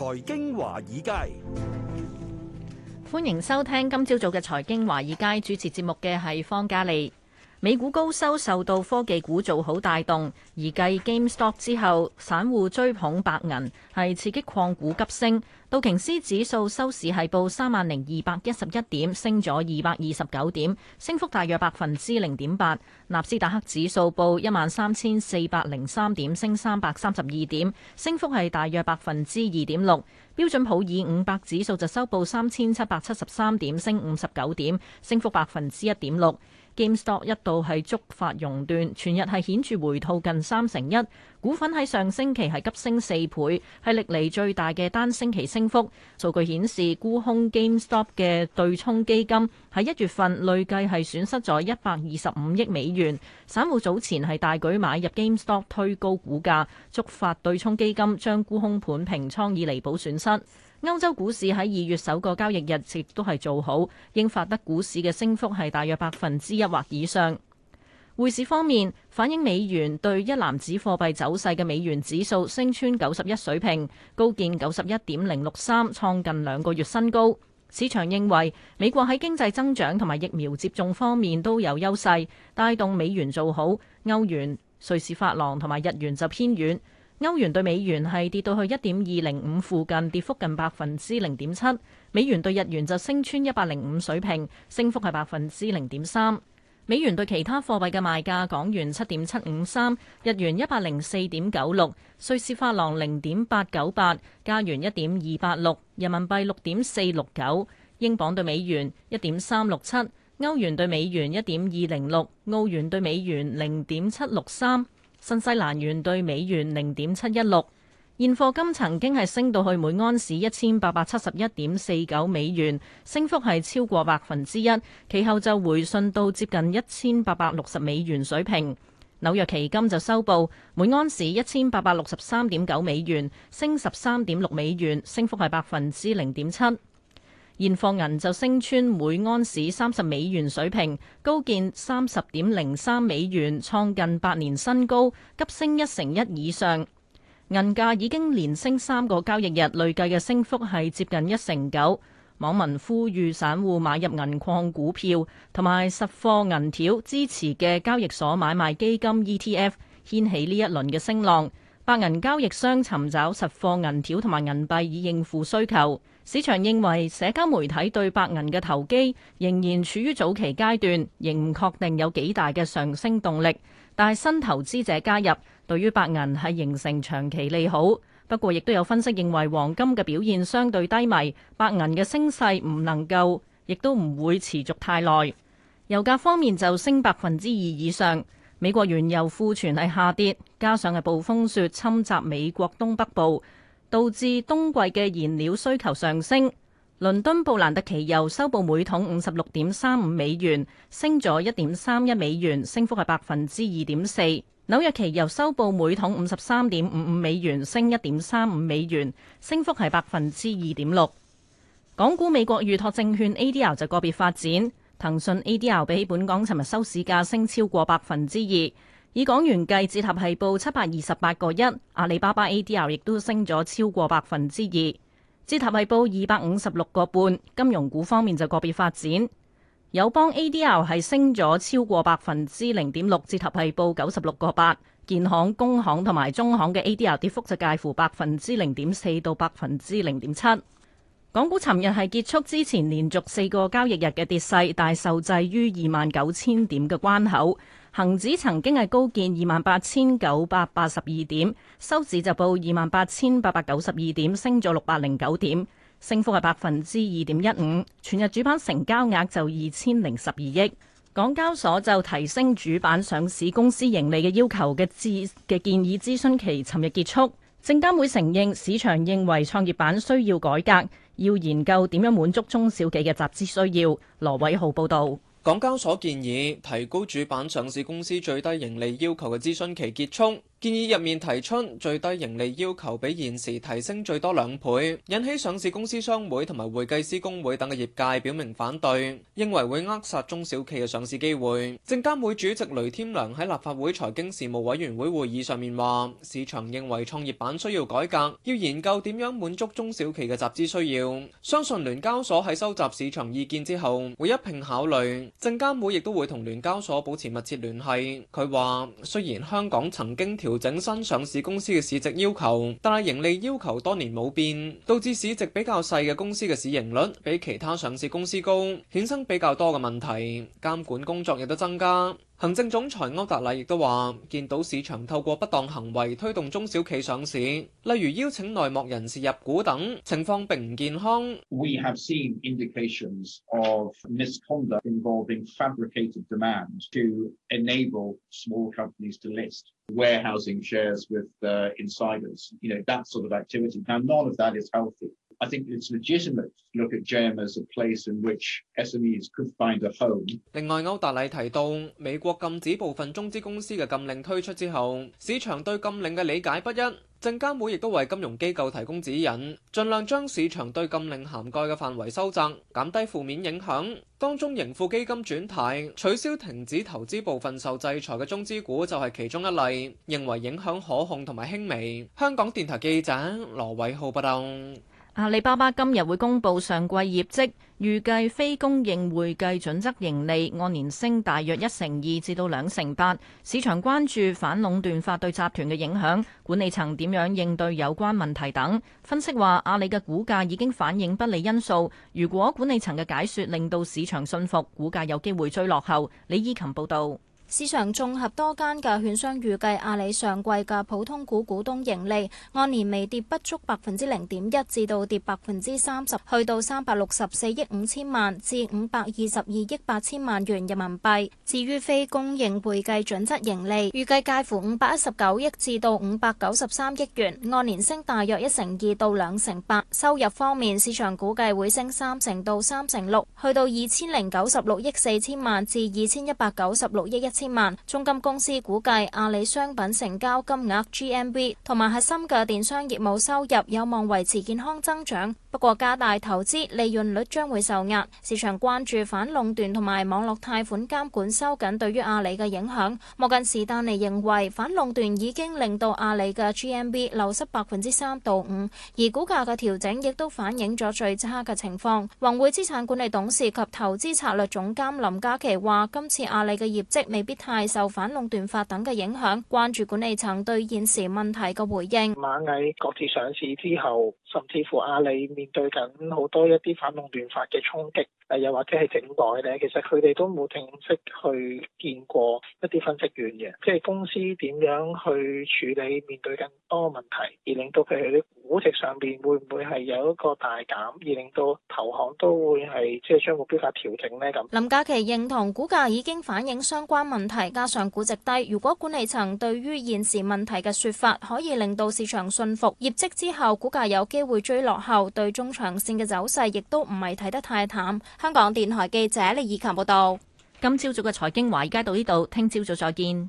財經華爾街，歡迎收聽今朝早嘅財經華爾街，主持節目嘅係方嘉莉。美股高收受到科技股做好帶動，而繼 GameStop 之後，散戶追捧白銀，係刺激礦股急升。道瓊斯指數收市係報三萬零二百一十一點，升咗二百二十九點，升幅大約百分之零點八。納斯達克指數報一萬三千四百零三點，升三百三十二點，升幅係大約百分之二點六。標準普爾五百指數就收報三千七百七十三點，升五十九點，升幅百分之一點六。GameStop 一度係觸發熔斷，全日係顯著回吐近三成一。股份喺上星期係急升四倍，係歷嚟最大嘅單星期升幅。數據顯示，沽空 GameStop 嘅對沖基金喺一月份累計係損失咗一百二十五億美元。散戶早前係大舉買入 GameStop 推高股價，觸發對沖基金將沽空盤平倉以彌補損失。歐洲股市喺二月首個交易日亦都係做好，英法德股市嘅升幅係大約百分之一或以上。匯市方面，反映美元對一籃子貨幣走勢嘅美元指數升穿九十一水平，高見九十一點零六三，創近兩個月新高。市場認為美國喺經濟增長同埋疫苗接種方面都有優勢，帶動美元做好。歐元、瑞士法郎同埋日元就偏軟。歐元對美元係跌到去一點二零五附近，跌幅近百分之零點七。美元對日元就升穿一百零五水平，升幅係百分之零點三。美元對其他貨幣嘅賣價：港元七點七五三，日元一百零四點九六，瑞士法郎零點八九八，加元一點二八六，人民幣六點四六九，英鎊對美元一點三六七，歐元對美元一點二零六，澳元對美元零點七六三，新西蘭元對美元零點七一六。現貨金曾經係升到去每安士一千八百七十一點四九美元，升幅係超過百分之一。其後就回信到接近一千八百六十美元水平。紐約期金就收報每安士一千八百六十三點九美元，升十三點六美元，升幅係百分之零點七。現貨銀就升穿每安士三十美元水平，高見三十點零三美元，創近八年新高，急升一成一以上。銀價已經連升三個交易日，累計嘅升幅係接近一成九。網民呼籲散戶買入銀礦股票同埋實貨銀條，支持嘅交易所買賣基金 ETF 掀起呢一輪嘅升浪。白銀交易商尋找實貨銀條同埋銀幣以應付需求。市場認為社交媒體對白銀嘅投機仍然處於早期階段，仍唔確定有幾大嘅上升動力。但係新投資者加入，對於白銀係形成長期利好。不過，亦都有分析認為黃金嘅表現相對低迷，白銀嘅升勢唔能夠，亦都唔會持續太耐。油價方面就升百分之二以上，美國原油庫存係下跌，加上係暴風雪侵襲美國東北部。導致冬季嘅燃料需求上升，倫敦布蘭特期油收報每桶五十六點三五美元，升咗一點三一美元，升幅係百分之二點四。紐約期油收報每桶五十三點五五美元，升一點三五美元，升幅係百分之二點六。港股美國預託證券 ADR 就個別發展，騰訊 ADR 比起本港尋日收市價升超過百分之二。以港元計，折合係報七百二十八個一，阿里巴巴 ADR 亦都升咗超過百分之二，折合係報二百五十六個半。金融股方面就個別發展，友邦 ADR 係升咗超過百分之零點六，折合係報九十六個八。建行、工行同埋中行嘅 ADR 跌幅就介乎百分之零點四到百分之零點七。港股尋日係結束之前連續四個交易日嘅跌勢，但受制於二萬九千點嘅關口。恒指曾經係高見二萬八千九百八十二點，收市就報二萬八千八百九十二點，升咗六百零九點，升幅係百分之二點一五。全日主板成交額就二千零十二億。港交所就提升主板上市公司盈利嘅要求嘅咨嘅建議諮詢期，尋日結束。證監會承認市場認為創業板需要改革，要研究點樣滿足中小企嘅集資需要。羅偉豪報道。港交所建議提高主板上市公司最低盈利要求嘅諮詢期結束。建議入面提出最低盈利要求比現時提升最多兩倍，引起上市公司商會同埋會計師公會等嘅業界表明反對，認為會扼殺中小企嘅上市機會。證監會主席雷添良喺立法會財經事務委員會會議上面話：市場認為創業板需要改革，要研究點樣滿足中小企嘅集資需要。相信聯交所喺收集市場意見之後會一併考慮，證監會亦都會同聯交所保持密切聯繫。佢話：雖然香港曾經調調整新上市公司嘅市值要求，但係盈利要求多年冇變，導致市值比較細嘅公司嘅市盈率比其他上市公司高，衍生比較多嘅問題，監管工作亦都增加。行政總裁歐達禮亦都話，見到市場透過不當行為推動中小企上市，例如邀請內幕人士入股等，情況並唔健康 We have seen indications of 另外，歐達禮提到，美國禁止部分中資公司嘅禁令推出之後，市場對禁令嘅理解不一。證監會亦都為金融機構提供指引，盡量將市場對禁令涵蓋嘅範圍收窄，減低負面影響。當中，盈富基金轉軚，取消停止投資部分受制裁嘅中資股，就係其中一例，認為影響可控同埋輕微。香港電台記者羅偉浩報道。阿里巴巴今日會公布上季業績，預計非公認會計準則盈利按年升大約一成二至到兩成八。市場關注反壟斷法對集團嘅影響，管理層點樣應對有關問題等。分析話，阿里嘅股價已經反映不利因素，如果管理層嘅解說令到市場信服，股價有機會追落後。李依琴報道。市場綜合多間嘅券商預計，阿里上季嘅普通股股東盈利按年微跌不足百分之零點一，至到跌百分之三十，去到三百六十四億五千萬至五百二十二億八千萬元人民幣。至於非公認會計準則盈利，預計介乎五百一十九億至到五百九十三億元，按年升大約一成二到兩成八。收入方面，市場估計會升三成到三成六，去到二千零九十六億四千萬至二千一百九十六億一。千萬，中金公司估計阿里商品成交金額 GMV 同埋核心嘅電商業務收入有望維持健康增長，不過加大投資，利潤率將會受壓。市場關注反壟斷同埋網絡貸款監管收緊對於阿里嘅影響。摩根士丹利認為反壟斷已經令到阿里嘅 GMV 流失百分之三到五，5，而股價嘅調整亦都反映咗最差嘅情況。宏匯資產管理董事及投資策略總監林嘉琪話：今次阿里嘅業績未必太受反壟斷法等嘅影響，關注管理層對現時問題嘅回應。螞蟻各自上市之後，甚至乎阿里面對緊好多一啲反壟斷法嘅衝擊。又或者係整改咧，其實佢哋都冇正式去見過一啲分析員嘅，即係公司點樣去處理面對更多問題，而令到佢哋啲估值上邊會唔會係有一個大減，而令到投行都會係即係將目標價調整呢？咁。林嘉琪認同股價已經反映相關問題，加上估值低，如果管理層對於現時問題嘅説法可以令到市場信服業績之後，股價有機會追落後，對中長線嘅走勢亦都唔係睇得太淡。香港電台記者李以琴報道。今朝早嘅財經華爾街到呢度，聽朝早再見。